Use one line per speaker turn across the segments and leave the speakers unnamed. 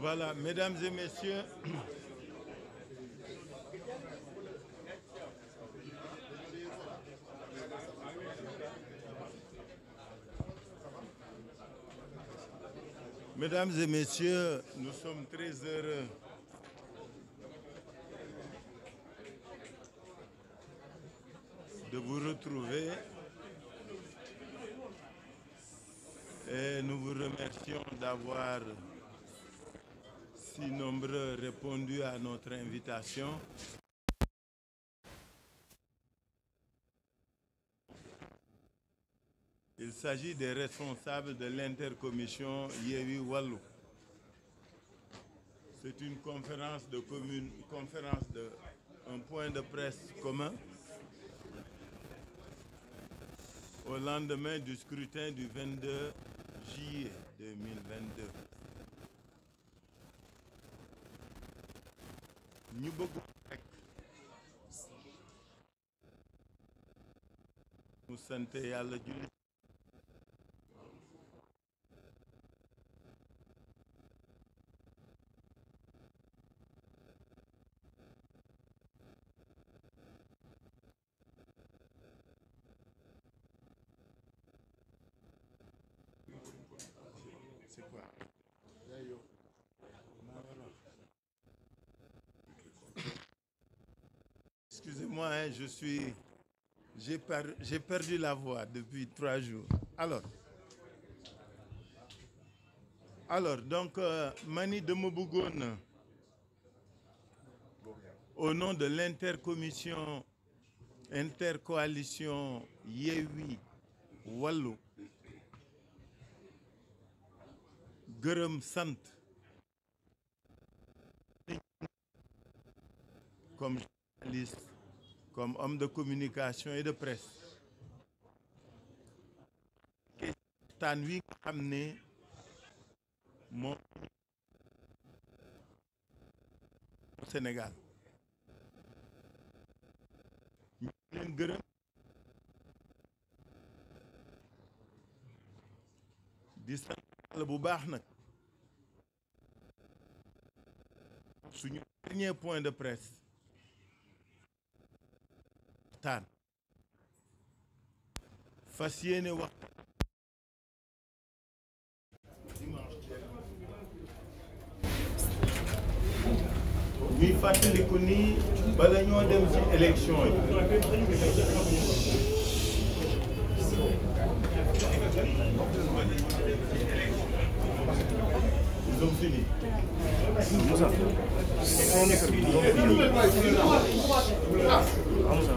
Voilà, mesdames et messieurs, Mesdames et messieurs, nous sommes très heureux de vous retrouver et nous vous remercions d'avoir nombreux répondu à notre invitation. Il s'agit des responsables de l'intercommission Yewi Wallou. C'est une conférence de commune, conférence de un point de presse commun au lendemain du scrutin du 22 juillet 2022. ñu bëgg rek mu sant yàlla julli Excusez-moi, hein, je suis. J'ai perdu la voix depuis trois jours. Alors. Alors, donc, euh, Mani de au nom de l'intercommission, intercoalition Yewi Wallou, grum Sant, comme journaliste comme homme de communication et de presse waxtaan nuit mon mon Sénégal disant dernier point de presse waxtaan fas yéene waxtaan bala ñoo dem ci élection yi nous sommes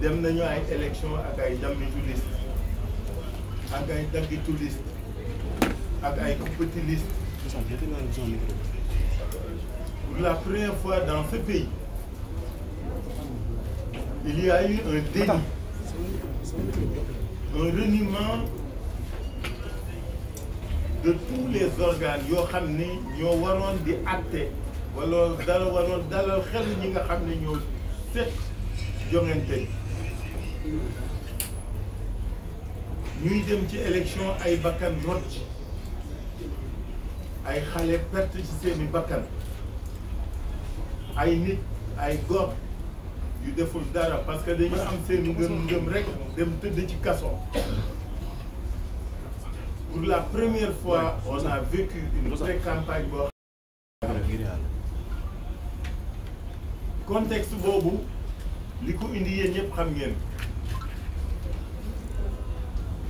dem nañu ay élection ak ay dammi touriste ak ay daggitu touriste ak ay petit liste pour la première fois dans ce pays il y a eu un déni un reniement de tous les organes yoo xam ne ñoo waroon di àtte wala dara waroon dalal xel ñi nga xam ne ñoo fekk joŋante nous dem une élection à Ibakan rot ay perte ci seeni dara parce que dañu am seen ngëm ngëm rek pour la première fois on a vécu une vraie campagne contexte vous indi première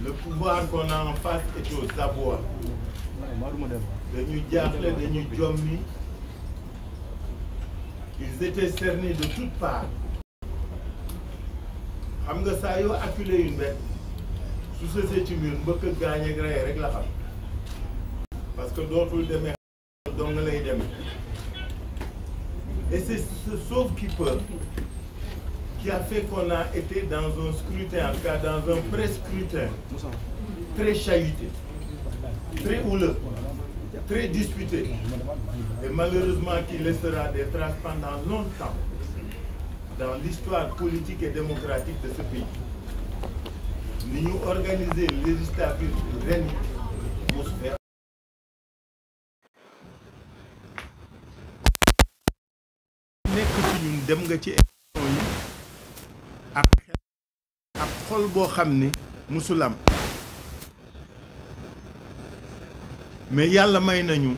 le pouvoir qu'on a en face est aux abois Les de jommi ils étaient cernés de toutes parts xam nga acculé une bête Sous ces ci je ne peux pas gagner avec la femme. parce que d'autres ont donc lay et c'est ce sauve qui peut qui a fait qu'on a été dans un scrutin, en tout cas dans un pré très chahuté, très houleux, très disputé, et malheureusement qui laissera des traces pendant longtemps dans l'histoire politique et démocratique de ce pays. Nous avons organisé les législature Rennes à xel ab xol mais yalla may nañu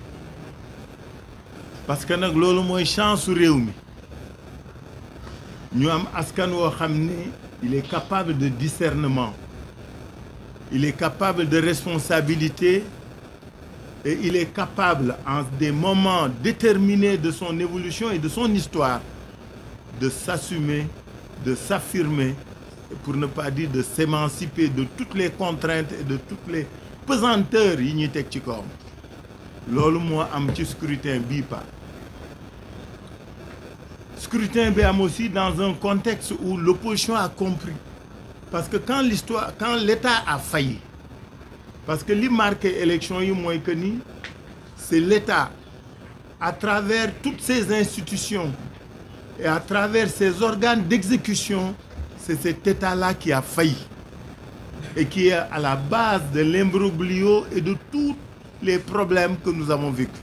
parce que nak lolu une chance sur ñu am askan il est capable de discernement il est capable de responsabilité et il est capable en des moments déterminés de son évolution et de son histoire de s'assumer de s'affirmer, pour ne pas dire de s'émanciper de toutes les contraintes et de toutes les pesanteurs yi Lors a ci kawam petit scrutin bi scrutin aussi dans un contexte où l'opposition a compris parce que quand l'histoire quand l'État a failli parce que ce qui élection yi c'est l'État à travers toutes ses institutions et à travers ces organes d'exécution, c'est cet État-là qui a failli et qui est à la base de l'imbroglio et de tous les problèmes que nous avons vécus.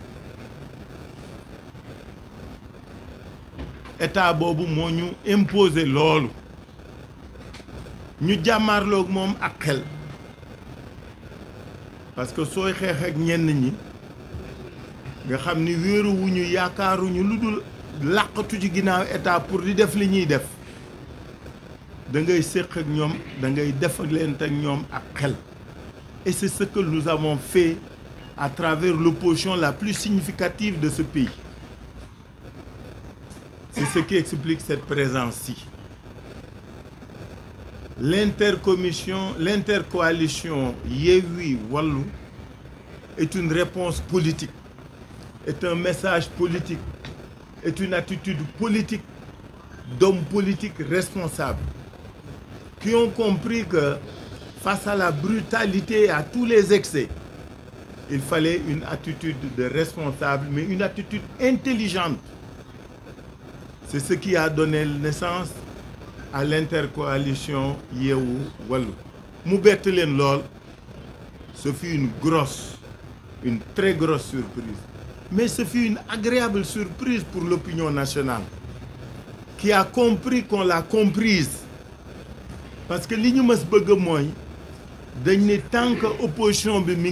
état Bobu moo imposé imposer Nous ñu jàmmaarloog moom à quel. parce que sooy xeex ak ñenn ñi nga xam ni wéeruwuñu yaakaaruñu à la ci ginaaw état pour di def li def da ngay et c'est ce que nous avons fait à travers l'opposition la plus significative de ce pays c'est ce qui explique cette présence-ci l'intercommission l'intercoalition yewi wallou est une réponse politique est un message politique est une attitude politique d'hommes politiques responsables qui ont compris que face à la brutalité et à tous les excès, il fallait une attitude de responsable, mais une attitude intelligente. C'est ce qui a donné naissance à l'intercoalition yehou Walou. Moubet Lol, ce fut une grosse, une très grosse surprise. Mais ce fut une agréable surprise pour l'opinion nationale qui a compris qu'on l'a comprise. Parce que ce que nous bëgg c'est tant que l'opposition bi mi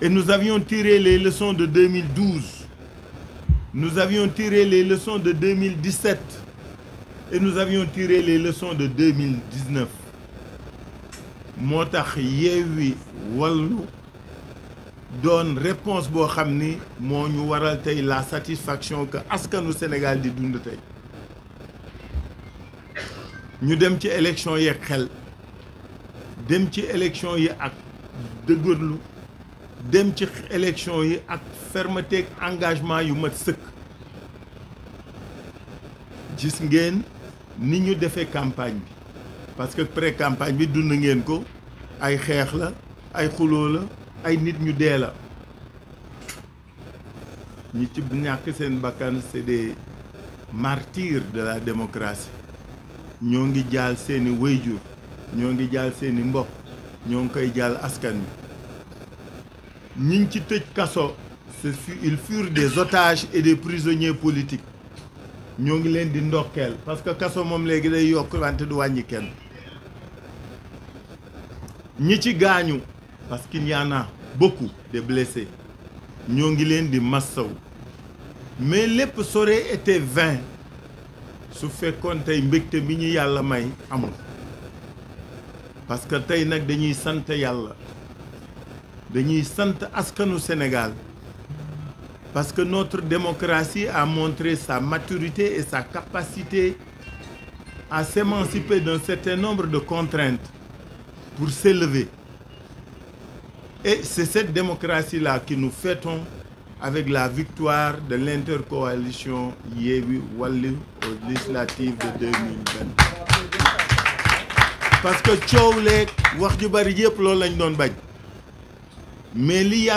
Et nous avions tiré les leçons de 2012. Nous avions tiré les leçons de 2017. Et nous avions tiré les leçons de 2019 motax tax Yewwi donne réponse bo xamni mo ñu waral tay la satisfaction que askanu Sénégal di dund tay ñu dem ci élection yi xel dem ci élection yi ak dëgërlu dem ci élection yi ak fermeté ak engagement yu ma seuk gis ngeen ni ñu defee campagne bi parce que pré campagne bi dund ngeen ko ay xeex la ay xuloo la ay nit ñu dee la ñi ci ñàkk seen bakkan c'est des martyrs de la démocratie ñoo ngi jaal seeni wayjur ñoo ngi jaal seeni mbokk ñoo ngi koy jaal askan ñi ci tëj kaso ce fut ils furent des otages et des prisonniers politiques ñoo ngi leen di ndokkeel parce que kaso moom léegi day yokk wante du wàññi kenn nous ci gagné parce qu'il y en a beaucoup de blessés nous ngi leen di massaw mais les ça aurait été vain su fekkoon tey mbégte bi may amul parce que tay nak dañuy à dañuy askanu Sénégal parce que notre démocratie a montré sa maturité et sa capacité à s'émanciper d'un certain nombre de contraintes pour s'élever. Et c'est cette démocratie-là que nous fêtons avec la victoire de l'intercoalition Yewi Wali au législatif de 2020. parce que Tchoule, leeg wax ju bari mais li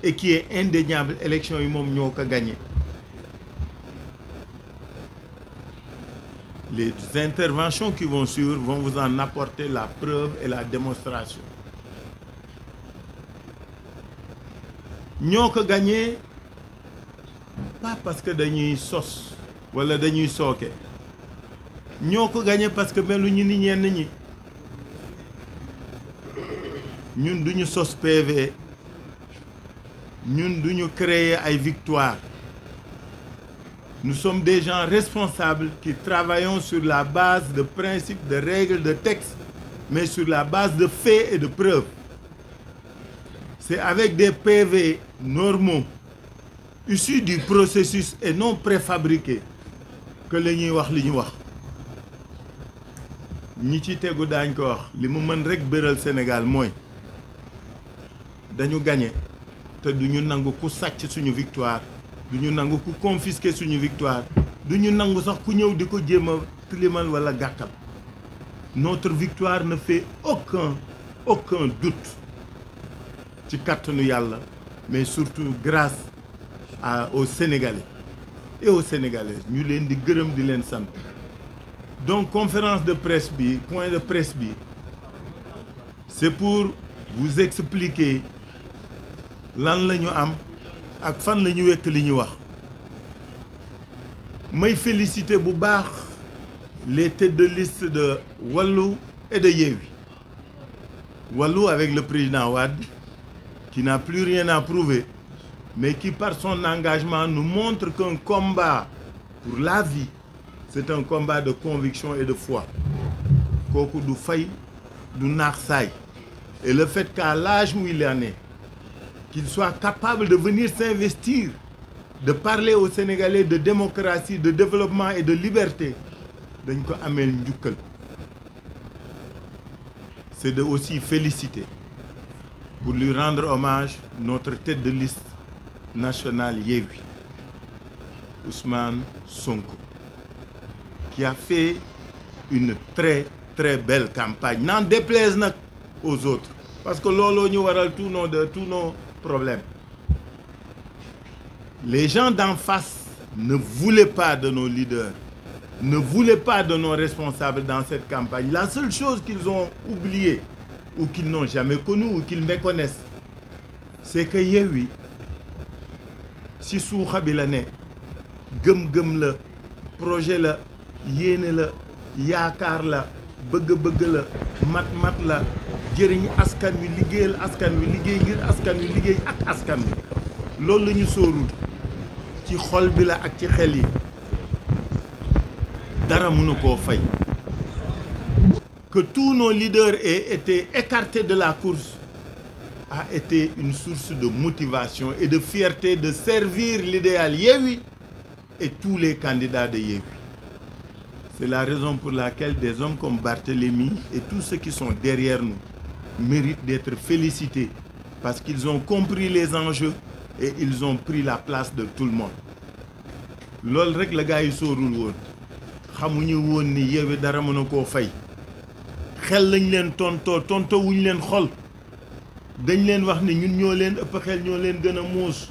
et qui est indéniable l'élection, yi gagnée. les interventions qui vont suivre vont vous en apporter la preuve et la démonstration. nous avons gagné pas parce que nous avons une dañuy sooke Nous avons gagné parce que nous ni ñenn ñi PV nous avons créer une victoire nous sommes des gens responsables qui travaillons sur la base de principes, de règles, de textes, mais sur la base de faits et de preuves. C'est avec des PV normaux, issus du processus et non préfabriqués, que les gens wax li ñu wax ñi ci téggu dañ ko wax li mu mën rek bëral Sénégal moy dañu gagner te duñu victoire nous avons confisqué notre victoire Nous avons confisqué sax notre victoire ne fait aucun aucun doute ci mais surtout grâce aux Sénégalais et aux Sénégalaises nous leen di de di donc conférence de presse bi point de presse c'est pour vous expliquer l'enlèvement ak fan la ñu li ñu féliciter bu les de liste de Wallou et de Yewi. Wallou, avec le président Ouad, qui n'a plus rien à prouver mais qui par son engagement nous montre qu'un combat pour la vie c'est un combat de conviction et de foi koku du fay du et le fait qu'à l'âge où il est né, qu'il soit capable de venir s'investir, de parler aux Sénégalais de démocratie, de développement et de liberté nous ko c'est de aussi féliciter pour lui rendre hommage notre tête de liste nationale Yévi, Ousmane Sonko qui a fait une très très belle campagne n'en déplaise aux autres parce que nous ñu waral tous nos problème. Les gens d'en face ne voulaient pas de nos leaders, ne voulaient pas de nos responsables dans cette campagne. La seule chose qu'ils ont oublié ou qu'ils n'ont jamais connu ou qu'ils méconnaissent, c'est que Yewi, si suuxa Gum gum ne projet la yéene la yakar la mat-mat jëriñ askan wi liggéeyal askan wi liggéey ngir askan wi liggéey ak askan wi loolu la ñu sóorul ci xol bi la ak ci xel yi dara mënu koo fay que tous nos leaders aient été écartés de la course a été une source de motivation et de fierté de servir l'idéal Yewwi et tous les candidats de Yewwi. C'est la raison pour laquelle des hommes comme Barthélemy et tous ceux qui sont derrière nous méritent d'être félicités parce qu'ils ont compris les enjeux et ils ont pris la place de tout le monde L'ol rek la gars yi sóorul woon xamuñu woon ni Yewwi dara mën a koo fay xel lañ leen tontoo tontoo wuñ leen xol dañ leen wax ni ñun ñoo leen ëpp xel ñoo leen gën a muus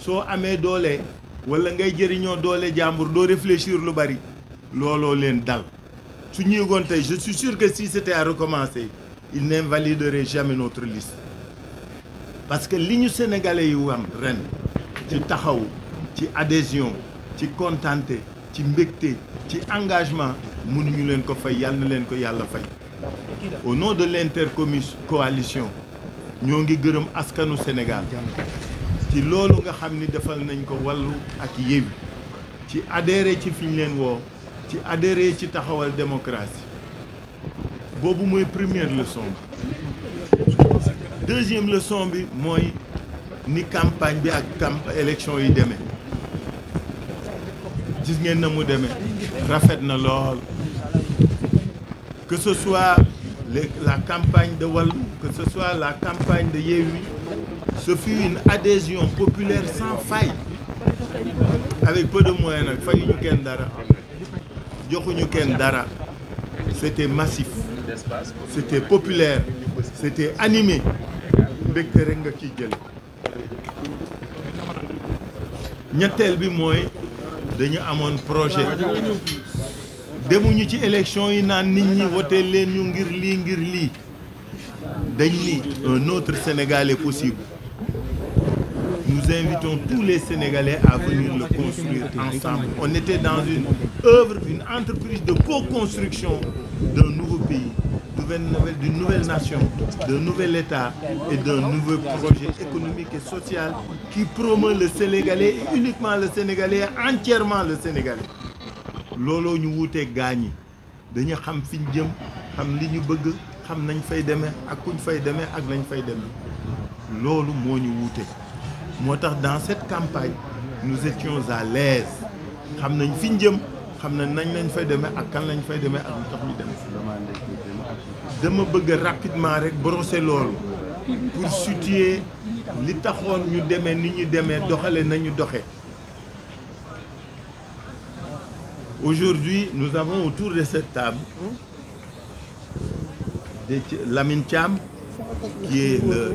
soo amee doole walla ngay jëriñoo jàmbur doo réfléchir lu bari looloo leen dal su ñu yëgoon tey je suis sûr que si c'était à recommencer il n'invaliderait jamais notre liste parce que li ñu sénégalais yu am ren ci taxaw ci adhésion ci contenté ci mbégte ci engagement mënuñu leen ko fay yàlla na leen ko yàlla fay au nom de l'intercoalition ñoo ngi gërëm askanu Sénégal ci loolu nga xam ni defal nañ ko wàllu ak Yewwi ci adhéré ci fi ñu leen woo ci adhéré ci taxawal démocratie c'est la première leçon deuxième leçon c'est que ni campagne bi ak camp élection que ce soit la campagne de Walou, que ce soit la campagne de Yewi, ce fut une adhésion populaire sans faille avec peu de moyens nag fayuñu c'était massif c'était populaire c'était animé mbégte rek nga ciy bi mooy dañu amoon projet demuñu ci élection yi na nit ñi voté leen ñu ngir ni un autre Sénégal est possible nous invitons tous les Sénégalais à venir le construire ensemble. On était dans une œuvre, une entreprise de co-construction d'un nouveau pays, d'une nouvelle nation, d'un nouvel État et d'un nouveau projet économique et social qui promeut le Sénégalais, uniquement le Sénégalais, entièrement le Sénégalais. Lolo ñu que nous dañu xam nous jëm xam li ñu bëgg xam moo dans cette campagne nous étions à l'aise xam nañ fi ñu jëm xam nañ nañ lañ fay demee ak kan lañ fay demee ak lu ñu dem dama bëgg rapidement rek brosser loolu pour situer li taxoon ñu demee ni ñu demee doxale nañu doxe Aujourd'hui, nous avons autour de cette table Lamine Cham, qui est le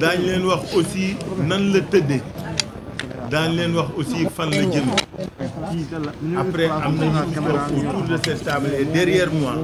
daañ leen wax aussi nan la tëddee daañ leen wax aussi fan la jëm après am ñu autour de cette table et derrière moi